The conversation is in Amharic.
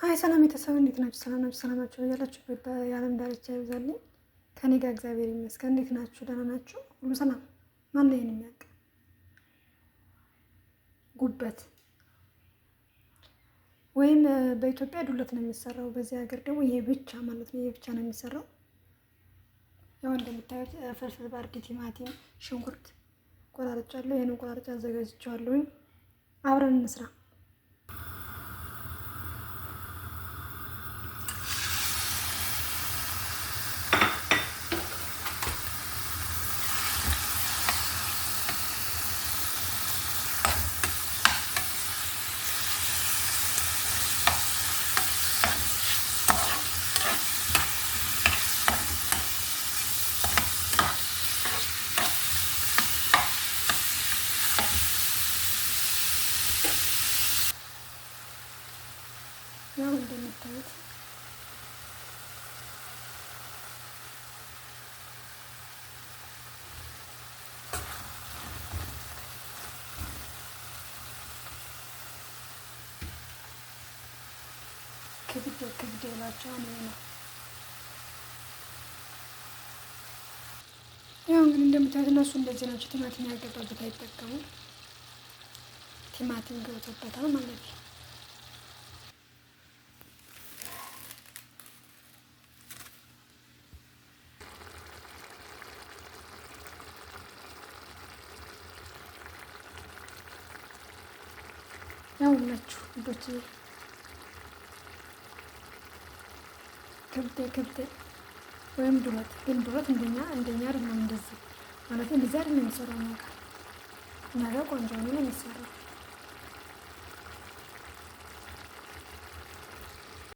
ሀይ ሰላም ቤተሰብ እንዴት ናችሁ? ሰላም ናችሁ? ሰላም ናችሁ? ያላችሁ የዓለም ዳርቻ ይብዛልኝ። ከኔ ጋር እግዚአብሔር ይመስገን። እንዴት ናችሁ? ደህና ናችሁ? ሁሉ ሰላም? ማን ላይ የሚያውቅ ጉበት ወይም በኢትዮጵያ ዱለት ነው የሚሰራው። በዚህ ሀገር ደግሞ ይሄ ብቻ ማለት ነው፣ ይሄ ብቻ ነው የሚሰራው። ያው እንደምታዩት ፍልፍል ባርድ፣ ቲማቲም፣ ሽንኩርት ቆራርጫለሁ። ይህንን ቆራርጫ አዘጋጅቼዋለሁኝ። አብረን እንስራ ያው እንደምታዩት ክብድ ክብድ የላቸው ነው። ያው እንግዲህ እንደምታዩት እነሱ እንደዚህ ናቸው። ቲማቲም ያልገባበት አይጠቀሙም። ቲማቲም ገብቶበታል ማለት ነው። ያውላችሁ ልጆች ከብት ከብት ወይም ዶሮት ግን ዶሮት እንደኛ እንደኛ አይደለም። እንደዚህ ማለት እንደዚህ አይደለም የሚሰራው ነገር ነገር ቆንጆ ነው የሚሰራው